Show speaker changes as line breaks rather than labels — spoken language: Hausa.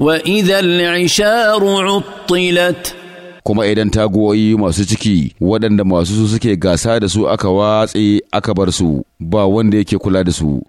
وإذا العشار عطلت
kuma idan taguwoyi masu ciki waɗanda masu su suke gasa da su aka watse aka bar su ba wanda
yake kula da su